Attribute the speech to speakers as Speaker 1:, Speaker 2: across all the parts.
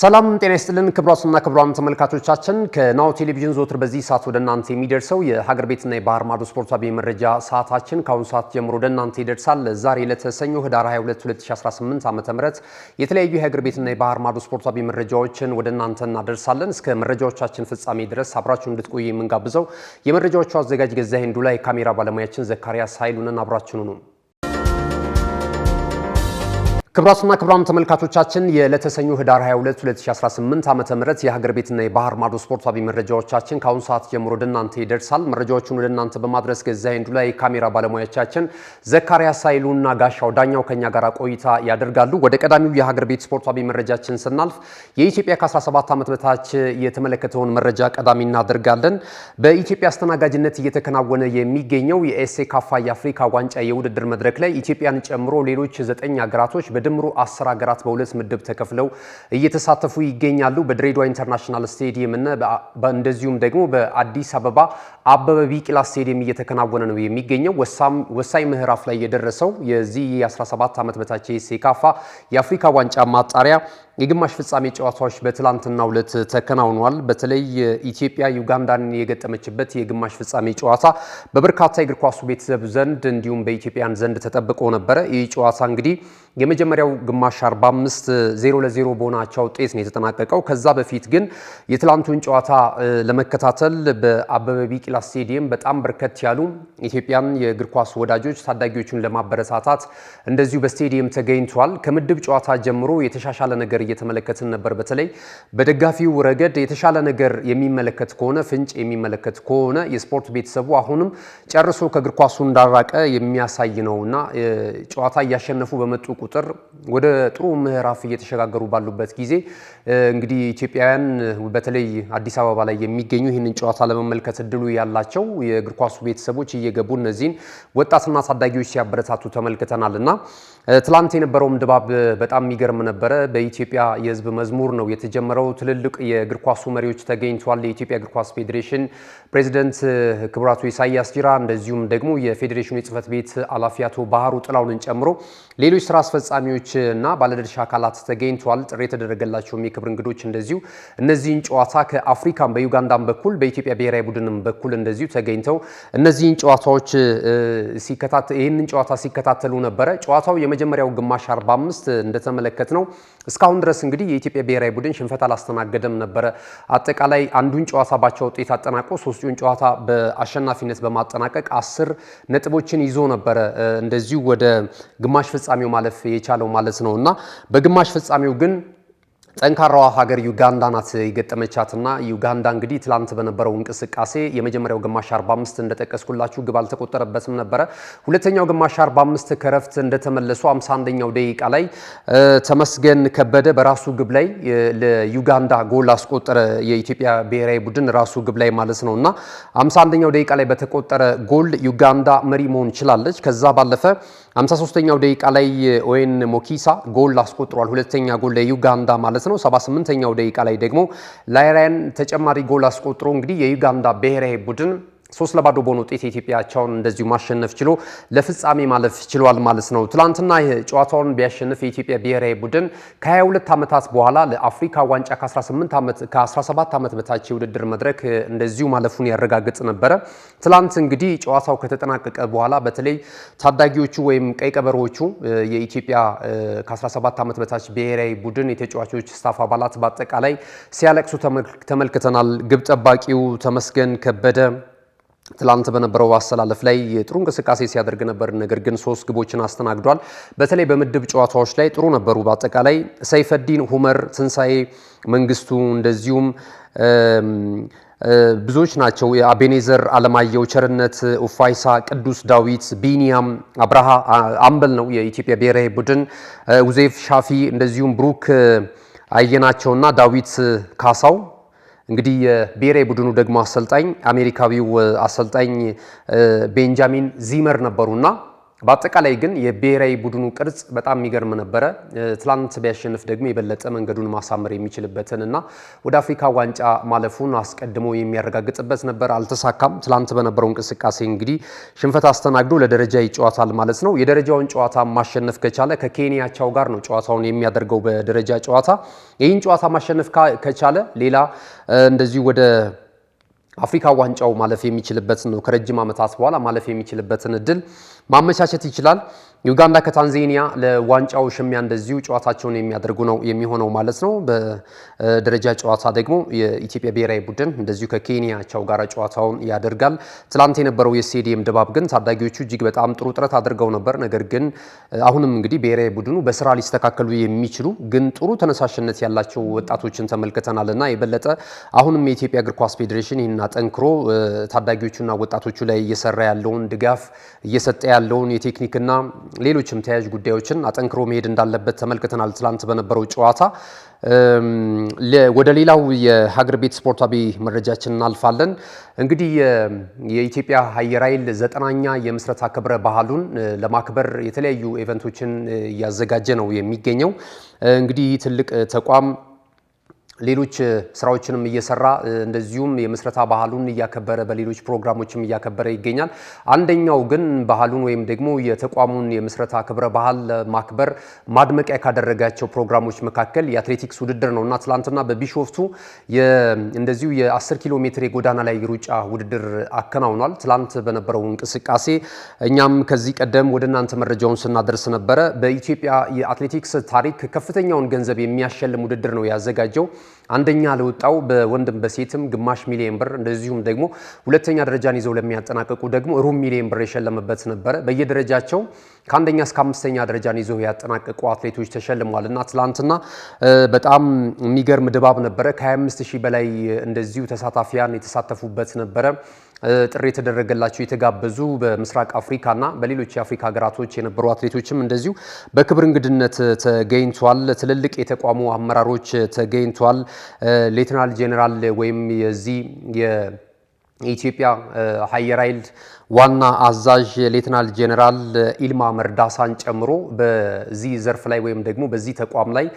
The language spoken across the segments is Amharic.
Speaker 1: ሰላም ጤና ይስጥልን ክቡራትና ክቡራን ተመልካቾቻችን፣ ከናሁ ቴሌቪዥን ዘወትር በዚህ ሰዓት ወደ እናንተ የሚደርሰው የሀገር ቤትና የባህር ማዶ ስፖርታዊ መረጃ ሰዓታችን ከአሁኑ ሰዓት ጀምሮ ወደ እናንተ ይደርሳል። ዛሬ ለተሰኘው ህዳር 22 2018 ዓ.ም የተለያዩ የሀገር ቤትና የባህር ማዶ ስፖርታዊ መረጃዎችን ወደ እናንተ እናደርሳለን። እስከ መረጃዎቻችን ፍጻሜ ድረስ አብራችሁ እንድትቆዩ የምንጋብዘው የመረጃዎቹ አዘጋጅ ገዛኸኝ ዱላ፣ የካሜራ ባለሙያችን ዘካሪያስ ኃይሉንን አብራችሁ ነው። ክብራትና ክብራም ተመልካቾቻችን የለተሰኙ ህዳር 22 2018 ዓመተ ምህረት የሀገር ቤትና የባህር ማዶ ስፖርታዊ መረጃዎቻችን ከአሁን ሰዓት ጀምሮ ወደ እናንተ ይደርሳል። መረጃዎቹን ወደ እናንተ በማድረስ ገዛ ሄንዱ ላይ ካሜራ ባለሙያዎቻችን ዘካሪያ ሳይሉና ጋሻው ዳኛው ከኛ ጋር ቆይታ ያደርጋሉ። ወደ ቀዳሚው የሀገር ቤት ስፖርታዊ መረጃችን ስናልፍ የኢትዮጵያ ከ17 ዓመት በታች የተመለከተውን መረጃ ቀዳሚ እናደርጋለን። በኢትዮጵያ አስተናጋጅነት እየተከናወነ የሚገኘው የኤስኤ ካፋ የአፍሪካ ዋንጫ የውድድር መድረክ ላይ ኢትዮጵያን ጨምሮ ሌሎች ዘጠኝ ሀገራቶች በድምሩ አስር ሀገራት በሁለት ምድብ ተከፍለው እየተሳተፉ ይገኛሉ። በድሬዳዋ ኢንተርናሽናል ስቴዲየም እና እንደዚሁም ደግሞ በአዲስ አበባ አበበ ቢቂላ ስቴዲየም እየተከናወነ ነው የሚገኘው። ወሳኝ ምዕራፍ ላይ የደረሰው የዚህ የ17 ዓመት በታች የሴካፋ የአፍሪካ ዋንጫ ማጣሪያ የግማሽ ፍጻሜ ጨዋታዎች በትላንትናው ዕለት ተከናውኗል። በተለይ ኢትዮጵያ ዩጋንዳን የገጠመችበት የግማሽ ፍጻሜ ጨዋታ በበርካታ የእግር ኳሱ ቤተሰብ ዘንድ እንዲሁም በኢትዮጵያን ዘንድ ተጠብቆ ነበረ። ይህ ጨዋታ እንግዲህ የመጀመሪያው ግማሽ 45 ዜሮ ለዜሮ በሆነ አቻ ውጤት ነው የተጠናቀቀው። ከዛ በፊት ግን የትላንቱን ጨዋታ ለመከታተል በአበበ ቢቂላ ስቴዲየም በጣም በርከት ያሉ ኢትዮጵያን የእግር ኳስ ወዳጆች ታዳጊዎቹን ለማበረታታት እንደዚሁ በስቴዲየም ተገኝቷል። ከምድብ ጨዋታ ጀምሮ የተሻሻለ ነገር እየተመለከትን ነበር። በተለይ በደጋፊው ረገድ የተሻለ ነገር የሚመለከት ከሆነ ፍንጭ የሚመለከት ከሆነ የስፖርት ቤተሰቡ አሁንም ጨርሶ ከእግር ኳሱ እንዳራቀ የሚያሳይ ነው እና ጨዋታ እያሸነፉ በመጡ ቁጥር ወደ ጥሩ ምዕራፍ እየተሸጋገሩ ባሉበት ጊዜ እንግዲህ ኢትዮጵያውያን በተለይ አዲስ አበባ ላይ የሚገኙ ይህንን ጨዋታ ለመመልከት እድሉ ያላቸው የእግር ኳሱ ቤተሰቦች እየገቡ እነዚህን ወጣትና ታዳጊዎች ሲያበረታቱ ተመልክተናል እና ትላንት የነበረውም ድባብ በጣም የሚገርም ነበረ። በኢትዮጵያ የህዝብ መዝሙር ነው የተጀመረው። ትልልቅ የእግር ኳሱ መሪዎች ተገኝተዋል። የኢትዮጵያ እግር ኳስ ፌዴሬሽን ፕሬዚደንት ክቡራቱ ኢሳያስ ጂራ፣ እንደዚሁም ደግሞ የፌዴሬሽኑ የጽህፈት ቤት ኃላፊ አቶ ባህሩ ጥላውንን ጨምሮ ሌሎች ስራ አስፈጻሚዎች እና ባለድርሻ አካላት ተገኝተዋል። ጥሪ የተደረገላቸውም የክብር እንግዶች እንደዚሁ እነዚህን ጨዋታ ከአፍሪካም በዩጋንዳም በኩል በኢትዮጵያ ብሔራዊ ቡድንም በኩል እንደዚሁ ተገኝተው እነዚህን ጨዋታዎች ይህንን ጨዋታ ሲከታተሉ ነበረ ጨዋታው የመጀመሪያው ግማሽ 45 እንደተመለከት ነው እስካሁን ድረስ እንግዲህ የኢትዮጵያ ብሔራዊ ቡድን ሽንፈት አላስተናገደም ነበረ። አጠቃላይ አንዱን ጨዋታ ባቻ ውጤት አጠናቆ ሶስቱን ጨዋታ በአሸናፊነት በማጠናቀቅ አስር ነጥቦችን ይዞ ነበረ እንደዚሁ ወደ ግማሽ ፍጻሜው ማለፍ የቻለው ማለት ነው እና በግማሽ ፍጻሜው ግን ጠንካራዋ ሀገር ዩጋንዳ ናት የገጠመቻትና ዩጋንዳ እንግዲህ ትላንት በነበረው እንቅስቃሴ የመጀመሪያው ግማሽ 45 እንደጠቀስኩላችሁ ግብ አልተቆጠረበትም ነበረ። ሁለተኛው ግማሽ 45 ከረፍት እንደተመለሱ 51ኛው ደቂቃ ላይ ተመስገን ከበደ በራሱ ግብ ላይ ለዩጋንዳ ጎል አስቆጠረ። የኢትዮጵያ ብሔራዊ ቡድን ራሱ ግብ ላይ ማለት ነው እና 51ኛው ደቂቃ ላይ በተቆጠረ ጎል ዩጋንዳ መሪ መሆን ችላለች። ከዛ ባለፈ 53ኛው ደቂቃ ላይ ኦዌን ሞኪሳ ጎል አስቆጥሯል። ሁለተኛ ጎል ለዩጋንዳ ማለት ማለት ነው። 78ኛው ደቂቃ ላይ ደግሞ ላይራያን ተጨማሪ ጎል አስቆጥሮ እንግዲህ የዩጋንዳ ብሔራዊ ቡድን ሶስት ለባዶ በሆነ ውጤት የኢትዮጵያ አቻውን እንደዚሁ ማሸነፍ ችሎ ለፍጻሜ ማለፍ ችሏል ማለት ነው። ትላንትና ጨዋታውን ቢያሸንፍ የኢትዮጵያ ብሔራዊ ቡድን ከ22 ዓመታት በኋላ ለአፍሪካ ዋንጫ ከ18 ከ17 ዓመት በታች የውድድር መድረክ እንደዚሁ ማለፉን ያረጋግጥ ነበረ። ትላንት እንግዲህ ጨዋታው ከተጠናቀቀ በኋላ በተለይ ታዳጊዎቹ ወይም ቀይ ቀበሮዎቹ የኢትዮጵያ ከ17 ዓመት በታች ብሔራዊ ቡድን የተጫዋቾች ስታፍ አባላት በአጠቃላይ ሲያለቅሱ ተመልክተናል። ግብ ጠባቂው ተመስገን ከበደ ትላንት በነበረው አሰላለፍ ላይ ጥሩ እንቅስቃሴ ሲያደርግ ነበር። ነገር ግን ሶስት ግቦችን አስተናግዷል። በተለይ በምድብ ጨዋታዎች ላይ ጥሩ ነበሩ። በአጠቃላይ ሰይፈዲን ሁመር፣ ትንሳኤ መንግስቱ እንደዚሁም ብዙዎች ናቸው። የአቤኔዘር አለማየሁ፣ ቸርነት ኡፋይሳ፣ ቅዱስ ዳዊት፣ ቢኒያም አብርሃ አምበል ነው የኢትዮጵያ ብሔራዊ ቡድን ውዜፍ ሻፊ እንደዚሁም ብሩክ አየናቸውና ዳዊት ካሳው እንግዲህ የብሔራዊ ቡድኑ ደግሞ አሰልጣኝ አሜሪካዊው አሰልጣኝ ቤንጃሚን ዚመር ነበሩና በአጠቃላይ ግን የብሔራዊ ቡድኑ ቅርጽ በጣም የሚገርም ነበረ። ትላንት ቢያሸንፍ ደግሞ የበለጠ መንገዱን ማሳመር የሚችልበትን እና ወደ አፍሪካ ዋንጫ ማለፉን አስቀድሞ የሚያረጋግጥበት ነበር። አልተሳካም። ትላንት በነበረው እንቅስቃሴ እንግዲህ ሽንፈት አስተናግዶ ለደረጃ ይጫወታል ማለት ነው። የደረጃውን ጨዋታ ማሸነፍ ከቻለ ከኬንያቻው ጋር ነው ጨዋታውን የሚያደርገው በደረጃ ጨዋታ። ይህን ጨዋታ ማሸነፍ ከቻለ ሌላ እንደዚሁ ወደ አፍሪካ ዋንጫው ማለፍ የሚችልበትን ነው ከረጅም ዓመታት በኋላ ማለፍ የሚችልበትን እድል ማመቻቸት ይችላል። ዩጋንዳ ከታንዛኒያ ለዋንጫው ሽሚያ እንደዚሁ ጨዋታቸውን የሚያደርጉ ነው የሚሆነው ማለት ነው። በደረጃ ጨዋታ ደግሞ የኢትዮጵያ ብሔራዊ ቡድን እንደዚሁ ከኬንያቸው ጋር ጨዋታውን ያደርጋል። ትላንት የነበረው የስቴዲየም ድባብ ግን ታዳጊዎቹ እጅግ በጣም ጥሩ ጥረት አድርገው ነበር። ነገር ግን አሁንም እንግዲህ ብሔራዊ ቡድኑ በስራ ሊስተካከሉ የሚችሉ ግን ጥሩ ተነሳሽነት ያላቸው ወጣቶችን ተመልክተናል እና የበለጠ አሁንም የኢትዮጵያ እግር ኳስ ፌዴሬሽን ይህን አጠንክሮ ታዳጊዎቹና ወጣቶቹ ላይ እየሰራ ያለውን ድጋፍ እየሰጠ ያለውን የቴክኒክና ሌሎችም ተያያዥ ጉዳዮችን አጠንክሮ መሄድ እንዳለበት ተመልክተናል። ትላንት በነበረው ጨዋታ ወደ ሌላው የሀገር ቤት ስፖርታዊ መረጃችን እናልፋለን። እንግዲህ የኢትዮጵያ አየር ኃይል ዘጠናኛ የምስረታ ክብረ ባህሉን ለማክበር የተለያዩ ኢቨንቶችን እያዘጋጀ ነው የሚገኘው። እንግዲህ ትልቅ ተቋም ሌሎች ስራዎችንም እየሰራ እንደዚሁም የምስረታ ባህሉን እያከበረ በሌሎች ፕሮግራሞችም እያከበረ ይገኛል። አንደኛው ግን ባህሉን ወይም ደግሞ የተቋሙን የምስረታ ክብረ ባህል ማክበር ማድመቂያ ካደረጋቸው ፕሮግራሞች መካከል የአትሌቲክስ ውድድር ነው እና ትላንትና በቢሾፍቱ እንደዚሁ የ10 ኪሎ ሜትር የጎዳና ላይ ሩጫ ውድድር አከናውኗል። ትላንት በነበረው እንቅስቃሴ እኛም ከዚህ ቀደም ወደ እናንተ መረጃውን ስናደርስ ነበረ። በኢትዮጵያ የአትሌቲክስ ታሪክ ከፍተኛውን ገንዘብ የሚያሸልም ውድድር ነው ያዘጋጀው። አንደኛ ለወጣው በወንድም በሴትም ግማሽ ሚሊዮን ብር እንደዚሁም ደግሞ ሁለተኛ ደረጃን ይዘው ለሚያጠናቀቁ ደግሞ ሩብ ሚሊዮን ብር የሸለመበት ነበረ። በየደረጃቸው ከአንደኛ እስከ አምስተኛ ደረጃን ይዘው ያጠናቀቁ አትሌቶች ተሸልመዋል እና ትላንትና በጣም የሚገርም ድባብ ነበረ። ከ25 ሺህ በላይ እንደዚሁ ተሳታፊያን የተሳተፉበት ነበረ። ጥሪ የተደረገላቸው የተጋበዙ በምስራቅ አፍሪካና በሌሎች የአፍሪካ ሀገራቶች የነበሩ አትሌቶችም እንደዚሁ በክብር እንግድነት ተገኝቷል። ትልልቅ የተቋሙ አመራሮች ተገኝቷል። ሌትናል ጄኔራል ወይም የዚህ የኢትዮጵያ አየር ኃይል ዋና አዛዥ ሌትናል ጄኔራል ኢልማ መርዳሳን ጨምሮ በዚህ ዘርፍ ላይ ወይም ደግሞ በዚህ ተቋም ላይ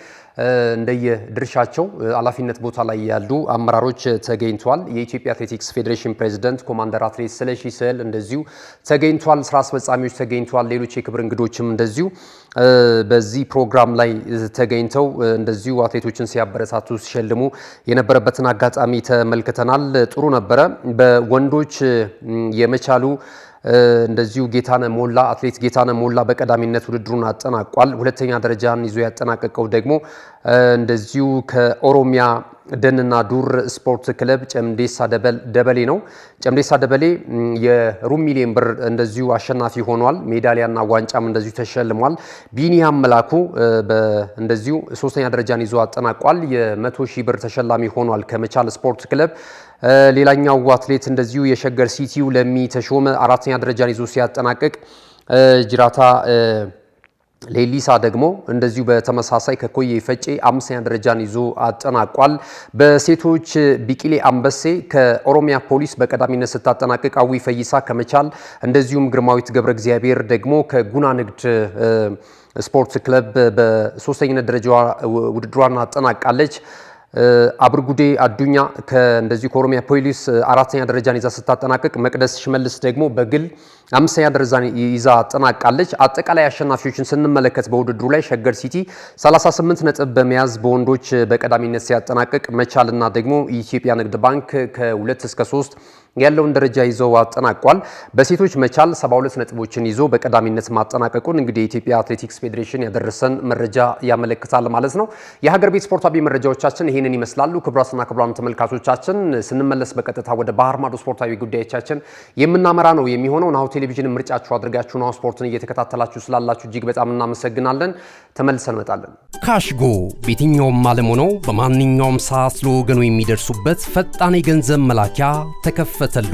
Speaker 1: እንደየድርሻቸው ኃላፊነት ቦታ ላይ ያሉ አመራሮች ተገኝቷል። የኢትዮጵያ አትሌቲክስ ፌዴሬሽን ፕሬዚደንት ኮማንደር አትሌት ስለሺ ስዕል እንደዚሁ ተገኝቷል። ስራ አስፈጻሚዎች ተገኝቷል። ሌሎች የክብር እንግዶችም እንደዚሁ በዚህ ፕሮግራም ላይ ተገኝተው እንደዚሁ አትሌቶችን ሲያበረታቱ ሲሸልሙ የነበረበትን አጋጣሚ ተመልክተናል። ጥሩ ነበረ። በወንዶች የመቻሉ እንደዚሁ ጌታነ ሞላ አትሌት ጌታነ ሞላ በቀዳሚነት ውድድሩን አጠናቋል። ሁለተኛ ደረጃን ይዞ ያጠናቀቀው ደግሞ እንደዚሁ ከኦሮሚያ ደንና ዱር ስፖርት ክለብ ጨምዴሳ ደበሌ ነው። ጨምዴሳ ደበሌ የሩብ ሚሊዮን ብር እንደዚሁ አሸናፊ ሆኗል። ሜዳሊያና ዋንጫም እንደዚሁ ተሸልሟል። ቢኒያም መላኩ እንደዚሁ ሶስተኛ ደረጃን ይዞ አጠናቋል። የመቶ ሺህ ብር ተሸላሚ ሆኗል ከመቻል ስፖርት ክለብ ሌላኛው አትሌት እንደዚሁ የሸገር ሲቲው ለሚ ተሾመ አራተኛ ደረጃን ይዞ ሲያጠናቅቅ ጅራታ ሌሊሳ ደግሞ እንደዚሁ በተመሳሳይ ከኮዬ ፈጬ አምስተኛ ደረጃን ይዞ አጠናቋል። በሴቶች ቢቂሌ አንበሴ ከኦሮሚያ ፖሊስ በቀዳሚነት ስታጠናቅቅ አዊ ፈይሳ ከመቻል እንደዚሁም ግርማዊት ገብረ እግዚአብሔር ደግሞ ከጉና ንግድ ስፖርት ክለብ በሶስተኝነት ደረጃ ውድድሯን አጠናቃለች። አብርጉዴ አዱኛ እንደዚሁ ከኦሮሚያ ፖሊስ አራተኛ ደረጃን ይዛ ስታጠናቀቅ መቅደስ ሽመልስ ደግሞ በግል አምስተኛ ደረጃን ይዛ አጠናቃለች። አጠቃላይ አሸናፊዎችን ስንመለከት በውድድሩ ላይ ሸገር ሲቲ 38 ነጥብ በመያዝ በወንዶች በቀዳሚነት ሲያጠናቅቅ መቻልና ደግሞ የኢትዮጵያ ንግድ ባንክ ከ2 እስከ 3 ያለውን ደረጃ ይዞ አጠናቋል። በሴቶች መቻል 72 ነጥቦችን ይዞ በቀዳሚነት ማጠናቀቁን እንግዲህ የኢትዮጵያ አትሌቲክስ ፌዴሬሽን ያደረሰን መረጃ ያመለክታል ማለት ነው። የሀገር ቤት ስፖርታዊ መረጃዎቻችን ይህንን ይመስላሉ። ክቡራትና ክቡራን ተመልካቾቻችን ስንመለስ በቀጥታ ወደ ባህር ማዶ ስፖርታዊ ጉዳዮቻችን የምናመራ ነው የሚሆነው። ናሁ ቴሌቪዥን ምርጫችሁ አድርጋችሁ ናሁ ስፖርትን እየተከታተላችሁ ስላላችሁ እጅግ በጣም እናመሰግናለን። ተመልሰን እንመጣለን።
Speaker 2: ካሽጎ በየትኛውም ዓለም ሆነው በማንኛውም ሰዓት ለወገኑ የሚደርሱበት ፈጣን የገንዘብ መላኪያ ተከፈ ተመሰረተሉ።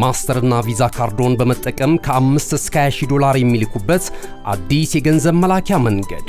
Speaker 2: ማስተርና ቪዛ ካርዶን በመጠቀም ከ5 እስከ 20 ዶላር የሚልኩበት አዲስ የገንዘብ መላኪያ መንገድ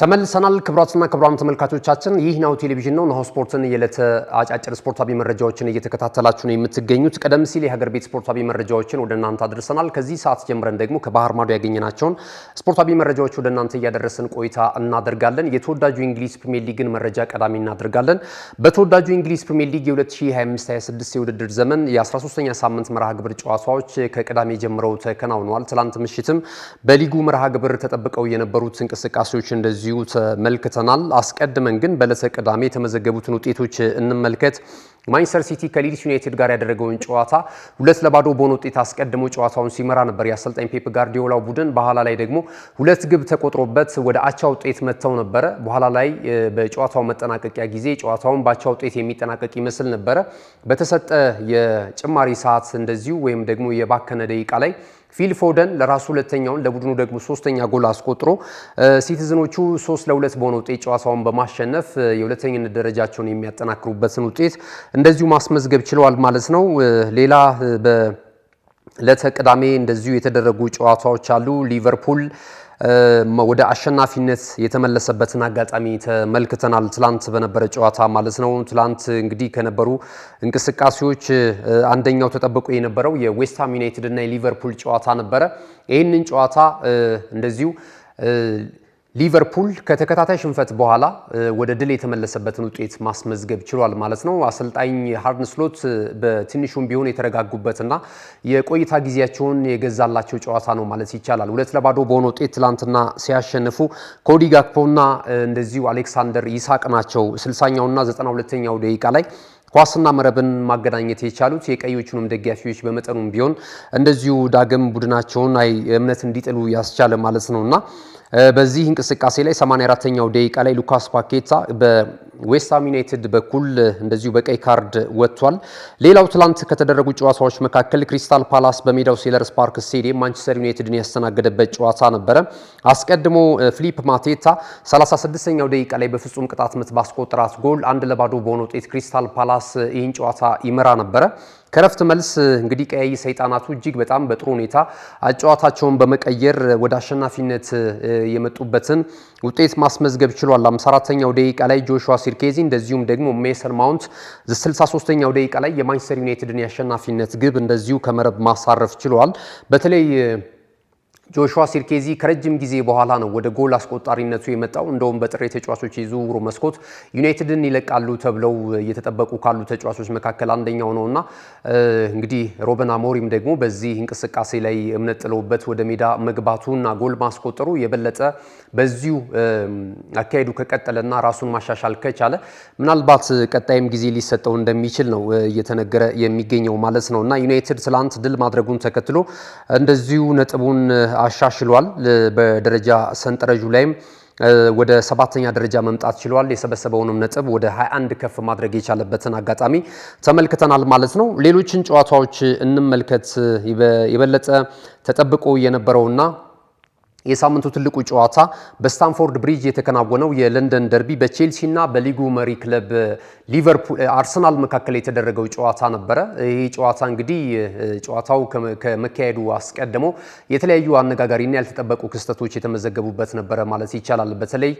Speaker 1: ተመልሰናል። ክብራትና ክብራም ተመልካቾቻችን ይህ ናሁ ቴሌቪዥን ነው። ናሁ ስፖርትን የዕለተ አጫጭር ስፖርታዊ መረጃዎችን እየተከታተላችሁ ነው የምትገኙት። ቀደም ሲል የሀገር ቤት ስፖርታዊ መረጃዎችን ወደ እናንተ አድርሰናል። ከዚህ ሰዓት ጀምረን ደግሞ ከባህር ማዶ ያገኘናቸውን ስፖርታዊ መረጃዎች ወደ እናንተ እያደረስን ቆይታ እናደርጋለን። የተወዳጁ እንግሊዝ ፕሪሚየር ሊግን መረጃ ቀዳሚ እናደርጋለን። በተወዳጁ እንግሊዝ ፕሪሚየር ሊግ የ2025/26 የውድድር ዘመን የ13ኛ ሳምንት መርሃ ግብር ጨዋታዎች ከቅዳሜ ጀምረው ተከናውነዋል። ትላንት ምሽትም በሊጉ መርሃ ግብር ተጠብቀው የነበሩት እንቅስቃሴዎች እንደዚሁ እንደዚሁ ተመልክተናል። አስቀድመን ግን በዕለተ ቅዳሜ የተመዘገቡትን ውጤቶች እንመልከት። ማንቸስተር ሲቲ ከሊድስ ዩናይትድ ጋር ያደረገውን ጨዋታ ሁለት ለባዶ በሆነ ውጤት አስቀድሞ ጨዋታውን ሲመራ ነበር የአሰልጣኝ ፔፕ ጋርዲዮላው ቡድን። በኋላ ላይ ደግሞ ሁለት ግብ ተቆጥሮበት ወደ አቻ ውጤት መጥተው ነበረ። በኋላ ላይ በጨዋታው መጠናቀቂያ ጊዜ ጨዋታውን በአቻ ውጤት የሚጠናቀቅ ይመስል ነበረ። በተሰጠ የጭማሪ ሰዓት እንደዚሁ ወይም ደግሞ የባከነ ደቂቃ ላይ ፊል ፎደን ለራሱ ሁለተኛውን ለቡድኑ ደግሞ ሶስተኛ ጎል አስቆጥሮ ሲቲዝኖቹ ሶስት ለሁለት በሆነ ውጤት ጨዋታውን በማሸነፍ የሁለተኝነት ደረጃቸውን የሚያጠናክሩበትን ውጤት እንደዚሁ ማስመዝገብ ችለዋል ማለት ነው። ሌላ በዕለተ ቅዳሜ እንደዚሁ የተደረጉ ጨዋታዎች አሉ። ሊቨርፑል ወደ አሸናፊነት የተመለሰበትን አጋጣሚ ተመልክተናል። ትላንት በነበረ ጨዋታ ማለት ነው። ትላንት እንግዲህ ከነበሩ እንቅስቃሴዎች አንደኛው ተጠብቆ የነበረው የዌስትሃም ዩናይትድ እና የሊቨርፑል ጨዋታ ነበረ። ይህንን ጨዋታ እንደዚሁ ሊቨርፑል ከተከታታይ ሽንፈት በኋላ ወደ ድል የተመለሰበትን ውጤት ማስመዝገብ ችሏል ማለት ነው። አሰልጣኝ ሃርነ ስሎት በትንሹም ቢሆን የተረጋጉበትና የቆይታ ጊዜያቸውን የገዛላቸው ጨዋታ ነው ማለት ይቻላል። ሁለት ለባዶ በሆነ ውጤት ትላንትና ሲያሸንፉ ኮዲ ጋክፖና እንደዚሁ አሌክሳንደር ይሳቅ ናቸው ስልሳኛውና ዘጠና ኛው ደቂቃ ላይ ኳስና መረብን ማገናኘት የቻሉት የቀዮቹንም ደጋፊዎች በመጠኑም ቢሆን እንደዚሁ ዳግም ቡድናቸውን አይ እምነት እንዲጥሉ ያስቻለ ማለት ነውና በዚህ እንቅስቃሴ ላይ 84ኛው ደቂቃ ላይ ሉካስ ፓኬታ ዌስትሃም ዩናይትድ በኩል እንደዚሁ በቀይ ካርድ ወጥቷል። ሌላው ትላንት ከተደረጉ ጨዋታዎች መካከል ክሪስታል ፓላስ በሜዳው ሴለርስ ፓርክ ስቴዲየም ማንቸስተር ዩናይትድን ያስተናገደበት ጨዋታ ነበረ። አስቀድሞ ፊሊፕ ማቴታ 36ኛው ደቂቃ ላይ በፍጹም ቅጣት ምት ባስቆጠራት ጎል አንድ ለባዶ በሆነ ውጤት ክሪስታል ፓላስ ይህን ጨዋታ ይመራ ነበረ። ከረፍት መልስ እንግዲህ ቀያይ ሰይጣናቱ እጅግ በጣም በጥሩ ሁኔታ አጨዋታቸውን በመቀየር ወደ አሸናፊነት የመጡበትን ውጤት ማስመዝገብ ችሏል። 54ኛው ደቂቃ ላይ ጆሹዋ ሲርኬዚ እንደዚሁም ደግሞ ሜሰን ማውንት 63ኛው ደቂቃ ላይ የማንቸስተር ዩናይትድን የአሸናፊነት ግብ እንደዚሁ ከመረብ ማሳረፍ ችሏል። በተለይ ጆሹዋ ሲርኬዚ ከረጅም ጊዜ በኋላ ነው ወደ ጎል አስቆጣሪነቱ የመጣው። እንደውም በጥሬ ተጫዋቾች የዝውውሩ መስኮት ዩናይትድን ይለቃሉ ተብለው እየተጠበቁ ካሉ ተጫዋቾች መካከል አንደኛው ነው እና እንግዲህ ሮበን አሞሪም ደግሞ በዚህ እንቅስቃሴ ላይ እምነት ጥለውበት ወደ ሜዳ መግባቱና ጎል ማስቆጠሩ የበለጠ በዚሁ አካሄዱ ከቀጠለና ራሱን ማሻሻል ከቻለ ምናልባት ቀጣይም ጊዜ ሊሰጠው እንደሚችል ነው እየተነገረ የሚገኘው ማለት ነው እና ዩናይትድ ትላንት ድል ማድረጉን ተከትሎ እንደዚሁ ነጥቡን አሻሽሏል። በደረጃ ሰንጠረዡ ላይም ወደ ሰባተኛ ደረጃ መምጣት ችሏል። የሰበሰበውንም ነጥብ ወደ 21 ከፍ ማድረግ የቻለበትን አጋጣሚ ተመልክተናል ማለት ነው። ሌሎችን ጨዋታዎች እንመልከት። የበለጠ ተጠብቆ የነበረውና የሳምንቱ ትልቁ ጨዋታ በስታንፎርድ ብሪጅ የተከናወነው የለንደን ደርቢ በቼልሲና በሊጉ መሪ ክለብ ሊቨርፑል አርሰናል መካከል የተደረገው ጨዋታ ነበረ። ይህ ጨዋታ እንግዲህ ጨዋታው ከመካሄዱ አስቀድሞ የተለያዩ አነጋጋሪና ያልተጠበቁ ክስተቶች የተመዘገቡበት ነበረ ማለት ይቻላል። በተለይ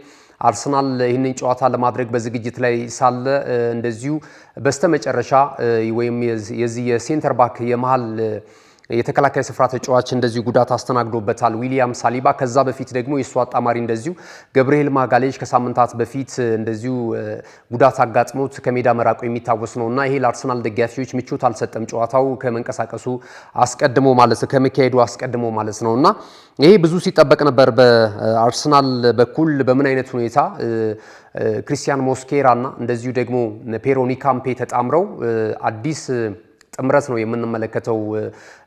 Speaker 1: አርሰናል ይህንን ጨዋታ ለማድረግ በዝግጅት ላይ ሳለ እንደዚሁ በስተመጨረሻ ወይም የዚህ የሴንተር ባክ የመሃል የተከላካይ ስፍራ ተጫዋች እንደዚሁ ጉዳት አስተናግዶበታል ዊሊያም ሳሊባ። ከዛ በፊት ደግሞ የእሱ አጣማሪ እንደዚሁ ገብርኤል ማጋሌጅ ከሳምንታት በፊት እንደዚሁ ጉዳት አጋጥሞት ከሜዳ መራቁ የሚታወስ ነው እና ይሄ ለአርሰናል ደጋፊዎች ምቾት አልሰጠም። ጨዋታው ከመንቀሳቀሱ አስቀድሞ ማለት ነው ከመካሄዱ አስቀድሞ ማለት ነው እና ይሄ ብዙ ሲጠበቅ ነበር በአርሰናል በኩል በምን አይነት ሁኔታ ክሪስቲያን ሞስኬራ እና እንደዚሁ ደግሞ ፔሮኒ ካምፔ ተጣምረው አዲስ ጥምረት ነው የምንመለከተው።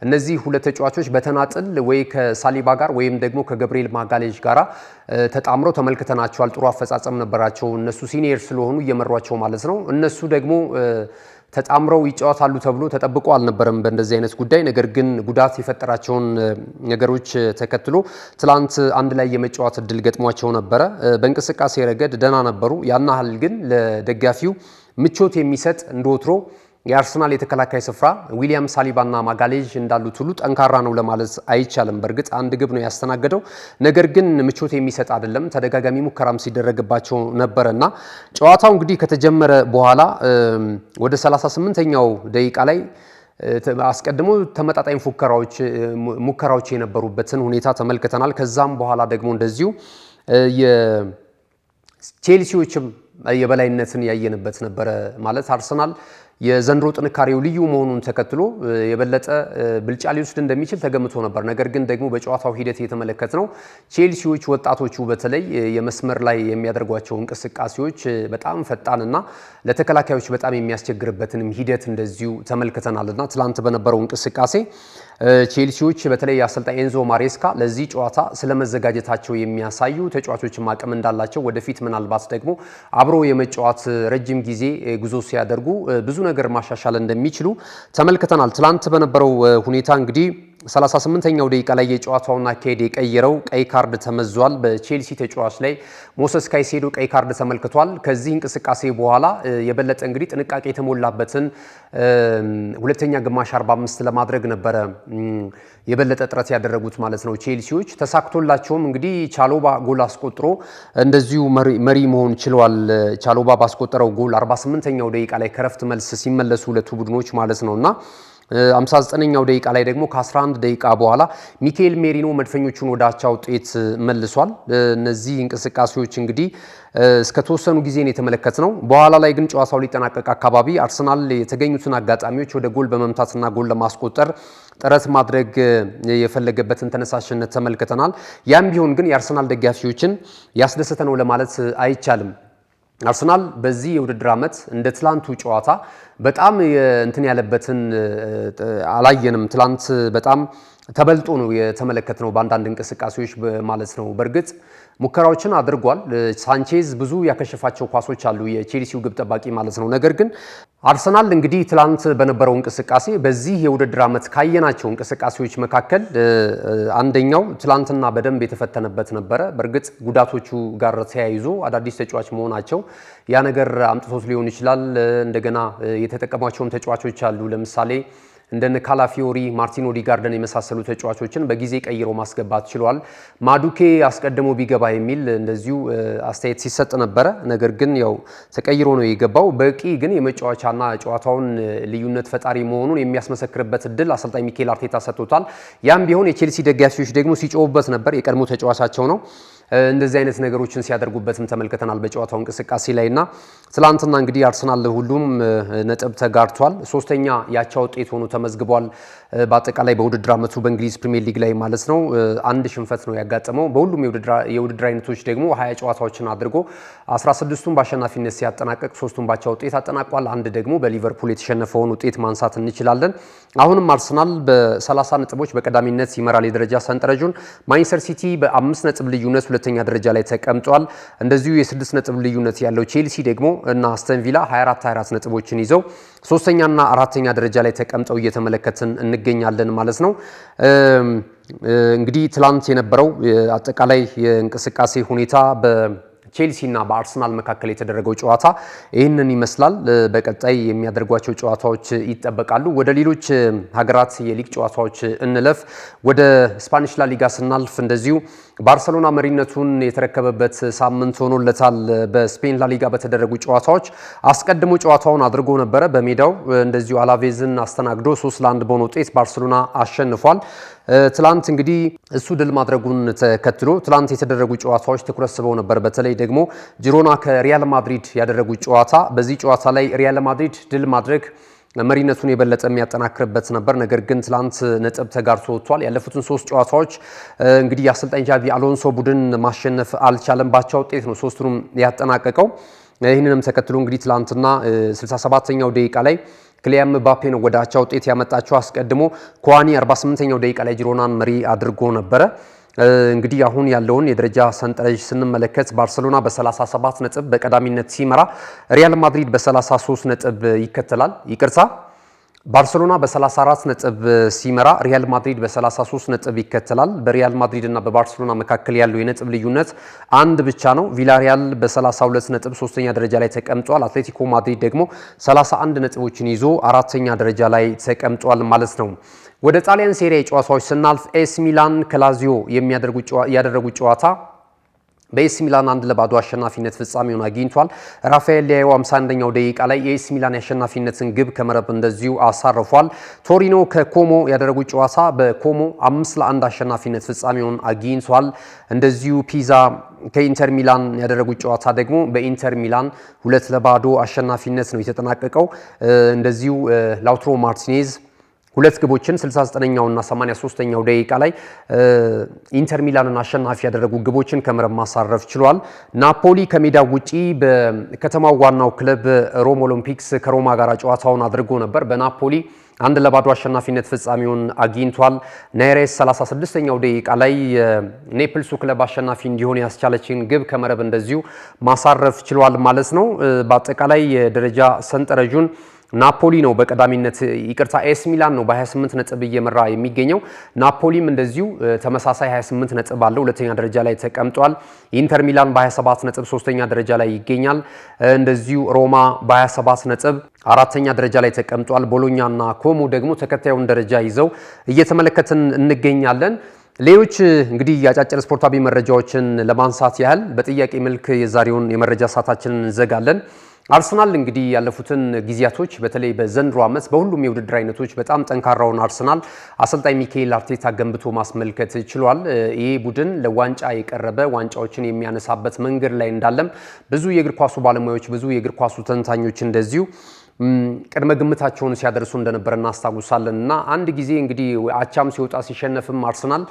Speaker 1: እነዚህ ሁለት ተጫዋቾች በተናጥል ወይ ከሳሊባ ጋር ወይም ደግሞ ከገብርኤል ማጋሌጅ ጋራ ተጣምረው ተመልክተናቸዋል። ጥሩ አፈጻጸም ነበራቸው። እነሱ ሲኒየር ስለሆኑ እየመሯቸው ማለት ነው። እነሱ ደግሞ ተጣምረው ይጫወታሉ ተብሎ ተጠብቆ አልነበረም በእንደዚህ አይነት ጉዳይ። ነገር ግን ጉዳት የፈጠራቸውን ነገሮች ተከትሎ ትላንት አንድ ላይ የመጫወት እድል ገጥሟቸው ነበረ። በእንቅስቃሴ ረገድ ደህና ነበሩ። ያን ያህል ግን ለደጋፊው ምቾት የሚሰጥ እንደወትሮ የአርሰናል የተከላካይ ስፍራ ዊሊያም ሳሊባና ማጋሌዥ እንዳሉት ሁሉ ጠንካራ ነው ለማለት አይቻልም። በእርግጥ አንድ ግብ ነው ያስተናገደው፣ ነገር ግን ምቾት የሚሰጥ አይደለም። ተደጋጋሚ ሙከራም ሲደረግባቸው ነበረ እና ጨዋታው እንግዲህ ከተጀመረ በኋላ ወደ 38ኛው ደቂቃ ላይ አስቀድሞ ተመጣጣኝ ፉከራዎች ሙከራዎች የነበሩበትን ሁኔታ ተመልክተናል። ከዛም በኋላ ደግሞ እንደዚሁ የቼልሲዎችም የበላይነትን ያየንበት ነበረ ማለት አርሰናል የዘንድሮ ጥንካሬው ልዩ መሆኑን ተከትሎ የበለጠ ብልጫ ሊወስድ እንደሚችል ተገምቶ ነበር። ነገር ግን ደግሞ በጨዋታው ሂደት የተመለከት ነው ቼልሲዎች ወጣቶቹ በተለይ የመስመር ላይ የሚያደርጓቸው እንቅስቃሴዎች በጣም ፈጣንና ለተከላካዮች በጣም የሚያስቸግርበትንም ሂደት እንደዚሁ ተመልክተናል እና ትላንት በነበረው እንቅስቃሴ ቼልሲዎች በተለይ አሰልጣኝ ኤንዞ ማሬስካ ለዚህ ጨዋታ ስለመዘጋጀታቸው የሚያሳዩ ተጫዋቾችም አቅም እንዳላቸው ወደፊት ምናልባት ደግሞ አብሮ የመጫወት ረጅም ጊዜ ጉዞ ሲያደርጉ ብዙ ነገር ማሻሻል እንደሚችሉ ተመልክተናል። ትላንት በነበረው ሁኔታ እንግዲህ 38ኛው ደቂቃ ላይ የጨዋታውን አካሄድ የቀየረው ቀይ ካርድ ተመዟል። በቼልሲ ተጫዋች ላይ ሞሰስ ካይሴዶ ቀይ ካርድ ተመልክቷል። ከዚህ እንቅስቃሴ በኋላ የበለጠ እንግዲህ ጥንቃቄ የተሞላበትን ሁለተኛ ግማሽ 45 ለማድረግ ነበረ የበለጠ ጥረት ያደረጉት ማለት ነው ቼልሲዎች። ተሳክቶላቸውም እንግዲህ ቻሎባ ጎል አስቆጥሮ እንደዚሁ መሪ መሆን ችለዋል። ቻሎባ ባስቆጠረው ጎል 48ኛው ደቂቃ ላይ ከረፍት መልስ ሲመለሱ ሁለቱ ቡድኖች ማለት ነው እና 59ኛው ደቂቃ ላይ ደግሞ ከ11 ደቂቃ በኋላ ሚካኤል ሜሪኖ መድፈኞቹን ወደ አቻ ውጤት መልሷል። እነዚህ እንቅስቃሴዎች እንግዲህ እስከተወሰኑ ጊዜ ጊዜን የተመለከት ነው። በኋላ ላይ ግን ጨዋታው ሊጠናቀቅ አካባቢ አርሰናል የተገኙትን አጋጣሚዎች ወደ ጎል በመምታትና ጎል ለማስቆጠር ጥረት ማድረግ የፈለገበትን ተነሳሽነት ተመልክተናል። ያም ቢሆን ግን የአርሰናል ደጋፊዎችን ያስደሰተ ነው ለማለት አይቻልም። አርሰናል በዚህ የውድድር ዓመት እንደ ትላንቱ ጨዋታ በጣም እንትን ያለበትን አላየንም። ትላንት በጣም ተበልጦ ነው የተመለከትነው በአንዳንድ እንቅስቃሴዎች ማለት ነው። በእርግጥ ሙከራዎችን አድርጓል። ሳንቼዝ ብዙ ያከሸፋቸው ኳሶች አሉ፣ የቼልሲው ግብ ጠባቂ ማለት ነው። ነገር ግን አርሰናል እንግዲህ ትላንት በነበረው እንቅስቃሴ በዚህ የውድድር ዓመት ካየናቸው እንቅስቃሴዎች መካከል አንደኛው ትላንትና በደንብ የተፈተነበት ነበረ። በእርግጥ ጉዳቶቹ ጋር ተያይዞ አዳዲስ ተጫዋች መሆናቸው ያ ነገር አምጥቶት ሊሆን ይችላል። እንደገና የተጠቀሟቸውም ተጫዋቾች አሉ ለምሳሌ እንደነ ካላፊዮሪ፣ ማርቲኖ ጋርደን የመሳሰሉ ተጫዋቾችን በጊዜ ቀይሮ ማስገባት ችሏል። ማዱኬ አስቀድሞ ቢገባ የሚል እንደዚሁ አስተያየት ሲሰጥ ነበረ። ነገር ግን ያው ተቀይሮ ነው የገባው። በቂ ግን የመጫወቻና ጨዋታውን ልዩነት ፈጣሪ መሆኑን የሚያስመሰክርበት እድል አሰልጣኝ ሚኬል አርቴታ ሰጥቶታል። ያም ቢሆን የቼልሲ ደጋፊዎች ደግሞ ሲጮሁበት ነበር። የቀድሞ ተጫዋቻቸው ነው። እንደዚህ አይነት ነገሮችን ሲያደርጉበትም ተመልክተናል በጨዋታው እንቅስቃሴ ላይ እና ትላንትና እንግዲህ አርሰናል ሁሉም ነጥብ ተጋርቷል። ሶስተኛ ያቻ ውጤት ሆኖ ተመዝግቧል። በአጠቃላይ በውድድር ዓመቱ በእንግሊዝ ፕሪሚየር ሊግ ላይ ማለት ነው አንድ ሽንፈት ነው ያጋጠመው። በሁሉም የውድድር አይነቶች ደግሞ ሀያ ጨዋታዎችን አድርጎ 16ቱን በአሸናፊነት ሲያጠናቀቅ ሶስቱን ባቻ ውጤት አጠናቋል። አንድ ደግሞ በሊቨርፑል የተሸነፈውን ውጤት ማንሳት እንችላለን። አሁንም አርሰናል በ30 ነጥቦች በቀዳሚነት ይመራል የደረጃ ሰንጠረዡን። ማንቸስተር ሲቲ በአምስት ነጥብ ልዩነት ሁለተኛ ደረጃ ላይ ተቀምጧል። እንደዚሁ የስድስት ነጥብ ልዩነት ያለው ቼልሲ ደግሞ እና አስተን ቪላ 24 24 ነጥቦችን ይዘው ሶስተኛና አራተኛ ደረጃ ላይ ተቀምጠው እየተመለከትን እንገኛለን ማለት ነው። እንግዲህ ትላንት የነበረው አጠቃላይ የእንቅስቃሴ ሁኔታ በቼልሲና በአርሰናል መካከል የተደረገው ጨዋታ ይህንን ይመስላል። በቀጣይ የሚያደርጓቸው ጨዋታዎች ይጠበቃሉ። ወደ ሌሎች ሀገራት የሊግ ጨዋታዎች እንለፍ። ወደ ስፓኒሽ ላሊጋ ስናልፍ እንደዚሁ ባርሰሎና መሪነቱን የተረከበበት ሳምንት ሆኖለታል። በስፔን ላሊጋ በተደረጉ ጨዋታዎች አስቀድሞ ጨዋታውን አድርጎ ነበረ። በሜዳው እንደዚሁ አላቬዝን አስተናግዶ ሶስት ለአንድ በሆነ ውጤት ባርሰሎና አሸንፏል። ትላንት እንግዲህ እሱ ድል ማድረጉን ተከትሎ ትላንት የተደረጉ ጨዋታዎች ትኩረት ስበው ነበር። በተለይ ደግሞ ጂሮና ከሪያል ማድሪድ ያደረጉት ጨዋታ በዚህ ጨዋታ ላይ ሪያል ማድሪድ ድል ማድረግ መሪነቱን የበለጠ የሚያጠናክርበት ነበር። ነገር ግን ትላንት ነጥብ ተጋርቶ ወጥቷል። ያለፉትን ሶስት ጨዋታዎች እንግዲህ የአሰልጣኝ ጃቪ አሎንሶ ቡድን ማሸነፍ አልቻለም። ባቻ ውጤት ነው ሶስቱንም ያጠናቀቀው። ይህንንም ተከትሎ እንግዲህ ትላንትና 67ኛው ደቂቃ ላይ ክሊያም ምባፔ ነው ወደ አቻ ውጤት ያመጣቸው። አስቀድሞ ኳኒ 48ኛው ደቂቃ ላይ ጅሮናን መሪ አድርጎ ነበረ። እንግዲህ አሁን ያለውን የደረጃ ሰንጠረዥ ስንመለከት ባርሰሎና በ37 ነጥብ በቀዳሚነት ሲመራ ሪያል ማድሪድ በ33 ነጥብ ይከተላል። ይቅርታ ባርሰሎና በ34 ነጥብ ሲመራ ሪያል ማድሪድ በ33 ነጥብ ይከተላል። በሪያል ማድሪድ እና በባርሰሎና መካከል ያለው የነጥብ ልዩነት አንድ ብቻ ነው። ቪላሪያል በ32 ነጥብ ሶስተኛ ደረጃ ላይ ተቀምጧል። አትሌቲኮ ማድሪድ ደግሞ 31 ነጥቦችን ይዞ አራተኛ ደረጃ ላይ ተቀምጧል ማለት ነው። ወደ ጣሊያን ሴሪያ ጨዋታዎች ስናልፍ ኤስ ሚላን ከላዚዮ የሚያደርጉት ጨዋታ በኤሲ ሚላን አንድ ለባዶ አሸናፊነት ፍጻሜውን አግኝቷል። ራፋኤል ሊያዮ 51ኛው ደቂቃ ላይ የኤሲ ሚላን የአሸናፊነትን ግብ ከመረብ እንደዚሁ አሳርፏል። ቶሪኖ ከኮሞ ያደረጉት ጨዋታ በኮሞ አምስት ለአንድ አሸናፊነት ፍጻሜውን አግኝቷል። እንደዚሁ ፒዛ ከኢንተር ሚላን ያደረጉት ጨዋታ ደግሞ በኢንተር ሚላን ሁለት ለባዶ አሸናፊነት ነው የተጠናቀቀው። እንደዚሁ ላውትሮ ማርቲኔዝ ሁለት ግቦችን 69ኛውና 83ኛው ደቂቃ ላይ ኢንተር ሚላንን አሸናፊ ያደረጉ ግቦችን ከመረብ ማሳረፍ ችሏል። ናፖሊ ከሜዳ ውጪ በከተማው ዋናው ክለብ ሮም ኦሎምፒክስ ከሮማ ጋር ጨዋታውን አድርጎ ነበር። በናፖሊ አንድ ለባዶ አሸናፊነት ፍጻሜውን አግኝቷል። ናይሬስ 36ኛው ደቂቃ ላይ ኔፕልሱ ክለብ አሸናፊ እንዲሆን ያስቻለችን ግብ ከመረብ እንደዚሁ ማሳረፍ ችሏል ማለት ነው። በአጠቃላይ የደረጃ ሰንጠረዡን ናፖሊ ነው በቀዳሚነት ይቅርታ፣ ኤስ ሚላን ነው በ28 ነጥብ እየመራ የሚገኘው። ናፖሊም እንደዚሁ ተመሳሳይ 28 ነጥብ አለው፣ ሁለተኛ ደረጃ ላይ ተቀምጧል። ኢንተር ሚላን በ27 ነጥብ ሶስተኛ ደረጃ ላይ ይገኛል። እንደዚሁ ሮማ በ27 ነጥብ አራተኛ ደረጃ ላይ ተቀምጧል። ቦሎኛና ኮሞ ደግሞ ተከታዩን ደረጃ ይዘው እየተመለከትን እንገኛለን። ሌሎች እንግዲህ የአጫጭር ስፖርታዊ መረጃዎችን ለማንሳት ያህል በጥያቄ መልክ የዛሬውን የመረጃ ሰዓታችንን እንዘጋለን። አርሰናል እንግዲህ ያለፉትን ጊዜያቶች በተለይ በዘንድሮ ዓመት በሁሉም የውድድር አይነቶች በጣም ጠንካራውን አርሰናል አሰልጣኝ ሚካኤል አርቴታ ገንብቶ ማስመልከት ችሏል። ይህ ቡድን ለዋንጫ የቀረበ ዋንጫዎችን የሚያነሳበት መንገድ ላይ እንዳለም ብዙ የእግር ኳሱ ባለሙያዎች፣ ብዙ የእግር ኳሱ ተንታኞች እንደዚሁ ቅድመ ግምታቸውን ሲያደርሱ እንደነበረ እናስታውሳለን እና አንድ ጊዜ እንግዲህ አቻም ሲወጣ ሲሸነፍም አርሰናል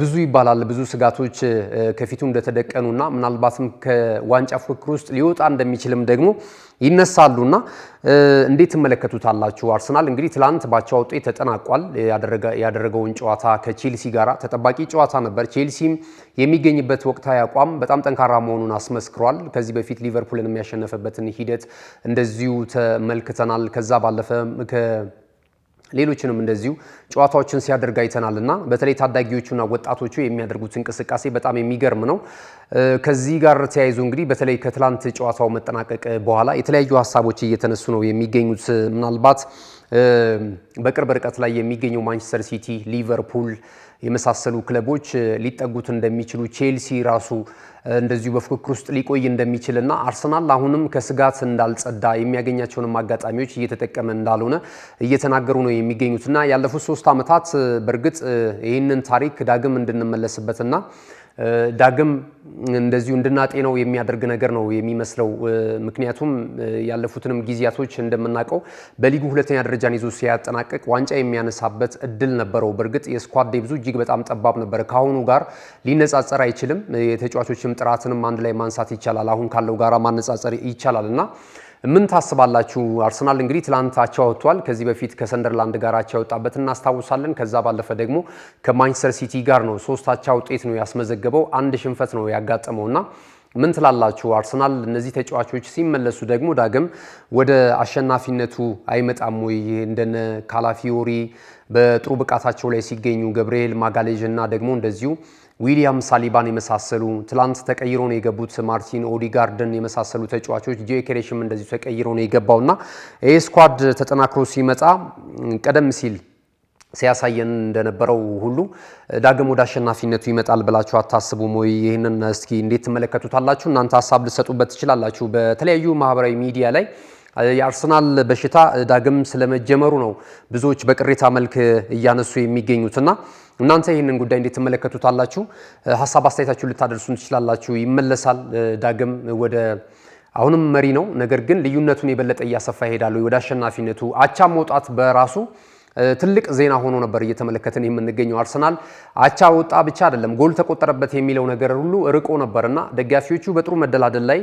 Speaker 1: ብዙ ይባላል። ብዙ ስጋቶች ከፊቱ እንደተደቀኑና ምናልባትም ከዋንጫ ፉክክር ውስጥ ሊወጣ እንደሚችልም ደግሞ ይነሳሉና እንዴት ትመለከቱታላችሁ? አርሰናል እንግዲህ ትላንት ባቻ ውጤት ተጠናቋል። ያደረገውን ጨዋታ ከቼልሲ ጋራ ተጠባቂ ጨዋታ ነበር። ቼልሲም የሚገኝበት ወቅታዊ አቋም በጣም ጠንካራ መሆኑን አስመስክሯል። ከዚህ በፊት ሊቨርፑልን የሚያሸነፈበትን ሂደት እንደዚሁ ተመልክተናል። ከዛ ባለፈ ሌሎችንም እንደዚሁ ጨዋታዎችን ሲያደርግ አይተናልና በተለይ ታዳጊዎቹና ወጣቶቹ የሚያደርጉት እንቅስቃሴ በጣም የሚገርም ነው። ከዚህ ጋር ተያይዞ እንግዲህ በተለይ ከትላንት ጨዋታው መጠናቀቅ በኋላ የተለያዩ ሀሳቦች እየተነሱ ነው የሚገኙት ምናልባት በቅርብ ርቀት ላይ የሚገኘው ማንቸስተር ሲቲ፣ ሊቨርፑል የመሳሰሉ ክለቦች ሊጠጉት እንደሚችሉ ቼልሲ ራሱ እንደዚሁ በፉክክር ውስጥ ሊቆይ እንደሚችልና አርሰናል አሁንም ከስጋት እንዳልጸዳ የሚያገኛቸውንም አጋጣሚዎች እየተጠቀመ እንዳልሆነ እየተናገሩ ነው የሚገኙትና ያለፉት ሶስት ዓመታት በእርግጥ ይህንን ታሪክ ዳግም እንድንመለስበትና ዳግም እንደዚሁ እንድናጤነው የሚያደርግ ነገር ነው የሚመስለው። ምክንያቱም ያለፉትንም ጊዜያቶች እንደምናውቀው በሊጉ ሁለተኛ ደረጃን ይዞ ሲያጠናቀቅ ዋንጫ የሚያነሳበት እድል ነበረው። በእርግጥ የስኳድ ዴብዙ እጅግ በጣም ጠባብ ነበረ። ከአሁኑ ጋር ሊነጻጸር አይችልም። የተጫዋቾችም ጥራትንም አንድ ላይ ማንሳት ይቻላል። አሁን ካለው ጋራ ማነጻጸር ይቻላል እና ምን ታስባላችሁ? አርሰናል እንግዲህ ትላንት አቻ ወጥቷል። ከዚህ በፊት ከሰንደርላንድ ጋር አቻ የወጣበት እናስታውሳለን። ከዛ ባለፈ ደግሞ ከማንቸስተር ሲቲ ጋር ነው ሶስት አቻ ውጤት ነው ያስመዘገበው። አንድ ሽንፈት ነው ያጋጠመውና ምን ትላላችሁ? አርሰናል እነዚህ ተጫዋቾች ሲመለሱ ደግሞ ዳግም ወደ አሸናፊነቱ አይመጣም ወይ? እንደነ ካላፊዮሪ በጥሩ ብቃታቸው ላይ ሲገኙ ገብርኤል ማጋሌዥ እና ደግሞ እንደዚሁ ዊሊያም ሳሊባን የመሳሰሉ ትላንት ተቀይሮ ነው የገቡት ማርቲን ኦዲጋርድን የመሳሰሉ ተጫዋቾች ጂኬሬሽም እንደዚሁ ተቀይሮ ነው የገባውና ይህ ስኳድ ተጠናክሮ ሲመጣ ቀደም ሲል ሲያሳየን እንደነበረው ሁሉ ዳግም ወደ አሸናፊነቱ ይመጣል ብላችሁ አታስቡም ወይ? ይህንን እስኪ እንዴት ትመለከቱታላችሁ? እናንተ ሀሳብ ልሰጡበት ትችላላችሁ። በተለያዩ ማህበራዊ ሚዲያ ላይ የአርሰናል በሽታ ዳግም ስለመጀመሩ ነው ብዙዎች በቅሬታ መልክ እያነሱ የሚገኙትና እናንተ ይህንን ጉዳይ እንዴት ትመለከቱታላችሁ? ሀሳብ አስተያየታችሁ ልታደርሱን ትችላላችሁ። ይመለሳል ዳግም ወደ አሁንም መሪ ነው። ነገር ግን ልዩነቱን የበለጠ እያሰፋ ይሄዳሉ። ወደ አሸናፊነቱ አቻ መውጣት በራሱ ትልቅ ዜና ሆኖ ነበር እየተመለከትን የምንገኘው። አርሰናል አቻ ወጣ ብቻ አይደለም ጎል ተቆጠረበት የሚለው ነገር ሁሉ ርቆ ነበርና ደጋፊዎቹ በጥሩ መደላደል ላይ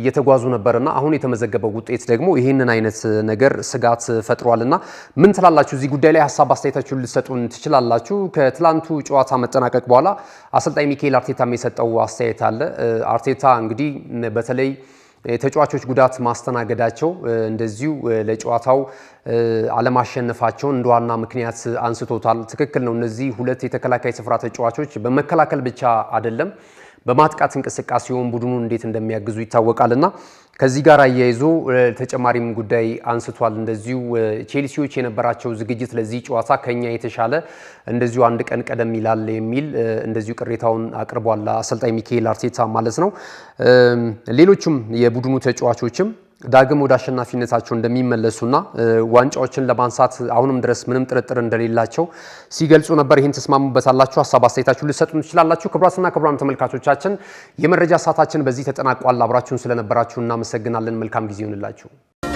Speaker 1: እየተጓዙ ነበርና አሁን የተመዘገበው ውጤት ደግሞ ይህንን አይነት ነገር ስጋት ፈጥሯልና ምን ትላላችሁ? እዚህ ጉዳይ ላይ ሀሳብ አስተያየታችሁን ልትሰጡን ትችላላችሁ። ከትላንቱ ጨዋታ መጠናቀቅ በኋላ አሰልጣኝ ሚካኤል አርቴታም የሰጠው አስተያየት አለ። አርቴታ እንግዲህ በተለይ የተጫዋቾች ጉዳት ማስተናገዳቸው እንደዚሁ ለጨዋታው አለማሸነፋቸውን እንደ ዋና ምክንያት አንስቶታል። ትክክል ነው። እነዚህ ሁለት የተከላካይ ስፍራ ተጫዋቾች በመከላከል ብቻ አይደለም በማጥቃት እንቅስቃሴውን ቡድኑን እንዴት እንደሚያግዙ ይታወቃልና ከዚህ ጋር አያይዞ ተጨማሪም ጉዳይ አንስቷል። እንደዚሁ ቼልሲዎች የነበራቸው ዝግጅት ለዚህ ጨዋታ ከኛ የተሻለ እንደዚሁ አንድ ቀን ቀደም ይላል የሚል እንደዚሁ ቅሬታውን አቅርቧል አሰልጣኝ ሚካኤል አርቴታ ማለት ነው። ሌሎችም የቡድኑ ተጫዋቾችም ዳግም ወደ አሸናፊነታቸው እንደሚመለሱና ዋንጫዎችን ለማንሳት አሁንም ድረስ ምንም ጥርጥር እንደሌላቸው ሲገልጹ ነበር። ይህን ተስማሙበታላችሁ? ሀሳብ አስተያየታችሁ ልሰጡን ትችላላችሁ። ክቡራትና ክቡራን ተመልካቾቻችን የመረጃ ሰዓታችን በዚህ ተጠናቋል። አብራችሁን ስለነበራችሁ እናመሰግናለን። መልካም ጊዜ ይሁንላችሁ።